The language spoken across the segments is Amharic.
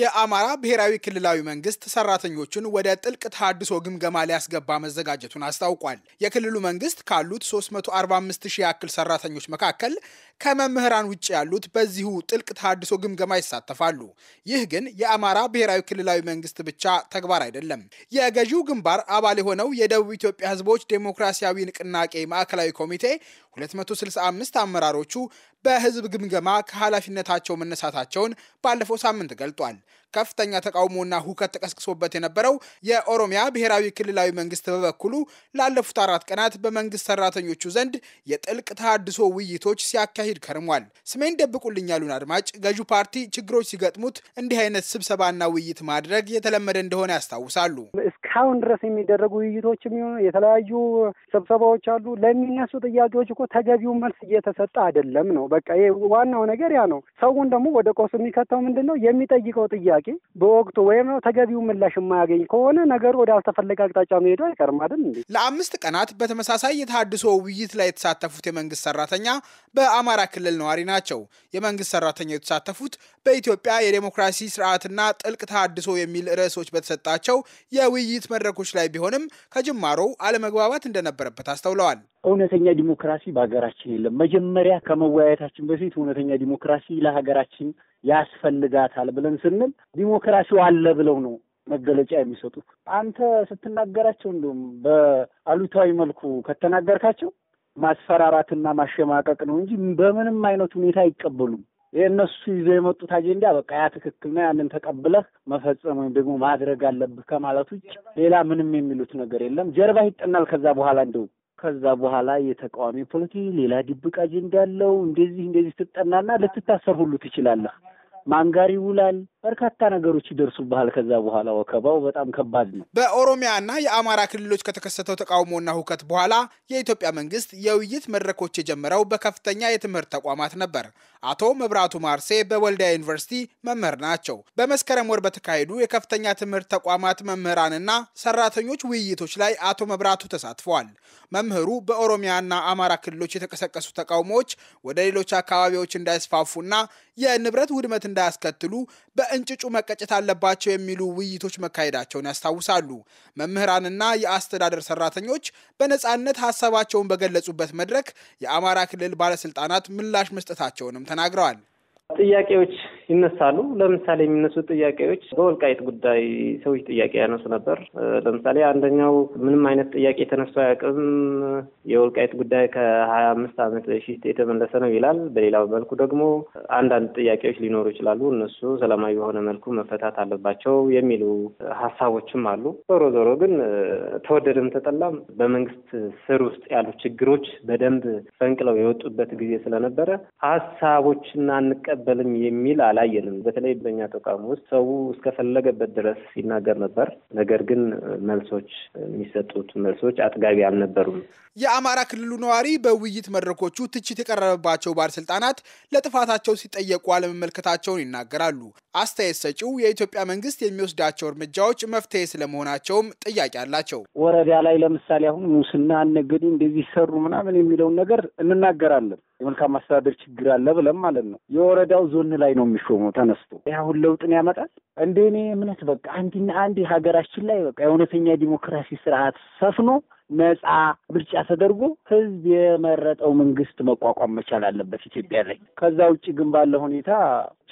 የአማራ ብሔራዊ ክልላዊ መንግስት ሰራተኞችን ወደ ጥልቅ ተሃድሶ ግምገማ ሊያስገባ መዘጋጀቱን አስታውቋል። የክልሉ መንግስት ካሉት 345 ሺህ ያክል ሰራተኞች መካከል ከመምህራን ውጭ ያሉት በዚሁ ጥልቅ ተሃድሶ ግምገማ ይሳተፋሉ። ይህ ግን የአማራ ብሔራዊ ክልላዊ መንግስት ብቻ ተግባር አይደለም። የገዢው ግንባር አባል የሆነው የደቡብ ኢትዮጵያ ህዝቦች ዴሞክራሲያዊ ንቅናቄ ማዕከላዊ ኮሚቴ 265 አመራሮቹ በህዝብ ግምገማ ከኃላፊነታቸው መነሳታቸውን ባለፈው ሳምንት ገልጧል። ከፍተኛ ተቃውሞና ሁከት ተቀስቅሶበት የነበረው የኦሮሚያ ብሔራዊ ክልላዊ መንግስት በበኩሉ ላለፉት አራት ቀናት በመንግስት ሰራተኞቹ ዘንድ የጥልቅ ተሃድሶ ውይይቶች ሲያካሂድ ከርሟል። ስሜን ደብቁልኝ ያሉን አድማጭ ገዢው ፓርቲ ችግሮች ሲገጥሙት እንዲህ አይነት ስብሰባና ውይይት ማድረግ የተለመደ እንደሆነ ያስታውሳሉ። እስካሁን ድረስ የሚደረጉ ውይይቶች የሚሆኑ የተለያዩ ስብሰባዎች አሉ። ለሚነሱ ጥያቄዎች እኮ ተገቢው መልስ እየተሰጠ አይደለም ነው በቃ ዋናው ነገር ያ ነው። ሰውን ደግሞ ወደ ቆስ የሚከተው ምንድን ነው የሚጠይቀው ጥያቄ በወቅቱ ወይም ነው ተገቢው ምላሽ የማያገኝ ከሆነ ነገሩ ወደ አልተፈለገ አቅጣጫ መሄዱ አይቀርም አይደል እንዴ? ለአምስት ቀናት በተመሳሳይ የተሃድሶ ውይይት ላይ የተሳተፉት የመንግስት ሰራተኛ በአማራ ክልል ነዋሪ ናቸው። የመንግስት ሰራተኛ የተሳተፉት በኢትዮጵያ የዴሞክራሲ ስርዓትና ጥልቅ ተሃድሶ የሚል ርዕሶች በተሰጣቸው የውይይት በውይይት መድረኮች ላይ ቢሆንም ከጅማሮው አለመግባባት እንደነበረበት አስተውለዋል። እውነተኛ ዲሞክራሲ በሀገራችን የለም። መጀመሪያ ከመወያየታችን በፊት እውነተኛ ዲሞክራሲ ለሀገራችን ያስፈልጋታል ብለን ስንል ዲሞክራሲው አለ ብለው ነው መገለጫ የሚሰጡት። አንተ ስትናገራቸው እንዲሁም በአሉታዊ መልኩ ከተናገርካቸው ማስፈራራትና ማሸማቀቅ ነው እንጂ በምንም አይነት ሁኔታ አይቀበሉም። የእነሱ ይዘው የመጡት አጀንዳ በቃ ያ ትክክል ነው፣ ያንን ተቀብለህ መፈጸም ወይም ደግሞ ማድረግ አለብህ ከማለት ውጭ ሌላ ምንም የሚሉት ነገር የለም። ጀርባ ይጠናል። ከዛ በኋላ እንደው ከዛ በኋላ የተቃዋሚ ፖለቲ ሌላ ድብቅ አጀንዳ ያለው እንደዚህ እንደዚህ ትጠናና ልትታሰር ሁሉ ትችላለህ። ማን ጋር ይውላል በርካታ ነገሮች ይደርሱብሃል። ከዛ በኋላ ወከባው በጣም ከባድ ነው። በኦሮሚያና የአማራ ክልሎች ከተከሰተው ተቃውሞና ሁከት በኋላ የኢትዮጵያ መንግስት የውይይት መድረኮች የጀመረው በከፍተኛ የትምህርት ተቋማት ነበር። አቶ መብራቱ ማርሴ በወልዲያ ዩኒቨርሲቲ መምህር ናቸው። በመስከረም ወር በተካሄዱ የከፍተኛ ትምህርት ተቋማት መምህራንና ሰራተኞች ውይይቶች ላይ አቶ መብራቱ ተሳትፈዋል። መምህሩ በኦሮሚያና አማራ ክልሎች የተቀሰቀሱ ተቃውሞዎች ወደ ሌሎች አካባቢዎች እንዳይስፋፉና የንብረት ውድመት እንዳያስከትሉ በ በእንጭጩ መቀጨት አለባቸው የሚሉ ውይይቶች መካሄዳቸውን ያስታውሳሉ። መምህራንና የአስተዳደር ሰራተኞች በነፃነት ሀሳባቸውን በገለጹበት መድረክ የአማራ ክልል ባለስልጣናት ምላሽ መስጠታቸውንም ተናግረዋል። ጥያቄዎች ይነሳሉ። ለምሳሌ የሚነሱ ጥያቄዎች በወልቃይት ጉዳይ ሰዎች ጥያቄ ያነሱ ነበር። ለምሳሌ አንደኛው ምንም አይነት ጥያቄ ተነስቶ አያውቅም፣ የወልቃይት ጉዳይ ከሀያ አምስት ዓመት በፊት የተመለሰ ነው ይላል። በሌላው መልኩ ደግሞ አንዳንድ ጥያቄዎች ሊኖሩ ይችላሉ፣ እነሱ ሰላማዊ በሆነ መልኩ መፈታት አለባቸው የሚሉ ሀሳቦችም አሉ። ዞሮ ዞሮ ግን ተወደደም ተጠላም በመንግስት ስር ውስጥ ያሉ ችግሮች በደንብ ፈንቅለው የወጡበት ጊዜ ስለነበረ ሀሳቦችን አንቀበልም የሚል አላ አላየንም። በተለይ በኛ ተቋም ውስጥ ሰው እስከፈለገበት ድረስ ሲናገር ነበር። ነገር ግን መልሶች የሚሰጡት መልሶች አጥጋቢ አልነበሩም። የአማራ ክልሉ ነዋሪ በውይይት መድረኮቹ ትችት የቀረበባቸው ባለስልጣናት ለጥፋታቸው ሲጠየቁ አለመመልከታቸውን ይናገራሉ። አስተያየት ሰጪው የኢትዮጵያ መንግስት የሚወስዳቸው እርምጃዎች መፍትሄ ስለመሆናቸውም ጥያቄ አላቸው። ወረዳ ላይ ለምሳሌ አሁን ሙስና፣ አነገዴ እንደዚህ ሰሩ ምናምን የሚለውን ነገር እንናገራለን። የመልካም አስተዳደር ችግር አለ ብለን ማለት ነው። የወረዳው ዞን ላይ ነው የሚሾመው ተነስቶ ይህ አሁን ለውጥን ያመጣል። እንደ እኔ እምነት በቃ አንድና አንድ ሀገራችን ላይ በቃ የእውነተኛ ዲሞክራሲ ስርዓት ሰፍኖ ነጻ ምርጫ ተደርጎ ህዝብ የመረጠው መንግስት መቋቋም መቻል አለበት ኢትዮጵያ ላይ። ከዛ ውጭ ግን ባለ ሁኔታ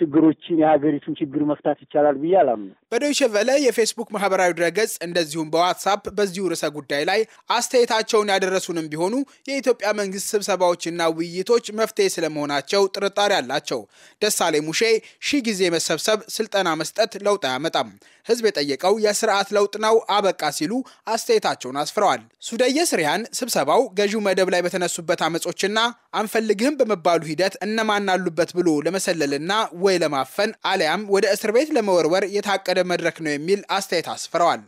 ችግሮችን የሀገሪቱን ችግር መፍታት ይቻላል ብዬ አላምነው። በዶይቸ ቨለ የፌስቡክ ማህበራዊ ድረገጽ እንደዚሁም በዋትሳፕ በዚሁ ርዕሰ ጉዳይ ላይ አስተያየታቸውን ያደረሱንም ቢሆኑ የኢትዮጵያ መንግስት ስብሰባዎችና ውይይቶች መፍትሄ ስለመሆናቸው ጥርጣሬ አላቸው። ደሳሌ ሙሼ ሺህ ጊዜ መሰብሰብ፣ ስልጠና መስጠት ለውጥ አያመጣም፣ ህዝብ የጠየቀው የስርዓት ለውጥ ነው አበቃ ሲሉ አስተያየታቸውን አስፍረዋል። ሱደየስ ሪያን ስብሰባው ገዢው መደብ ላይ በተነሱበት አመጾችና አንፈልግህም በመባሉ ሂደት እነማን አሉበት ብሎ ለመሰለልና ወይ ለማፈን አሊያም ወደ እስር ቤት ለመወርወር የታቀደ መድረክ ነው የሚል አስተያየት አስፍረዋል።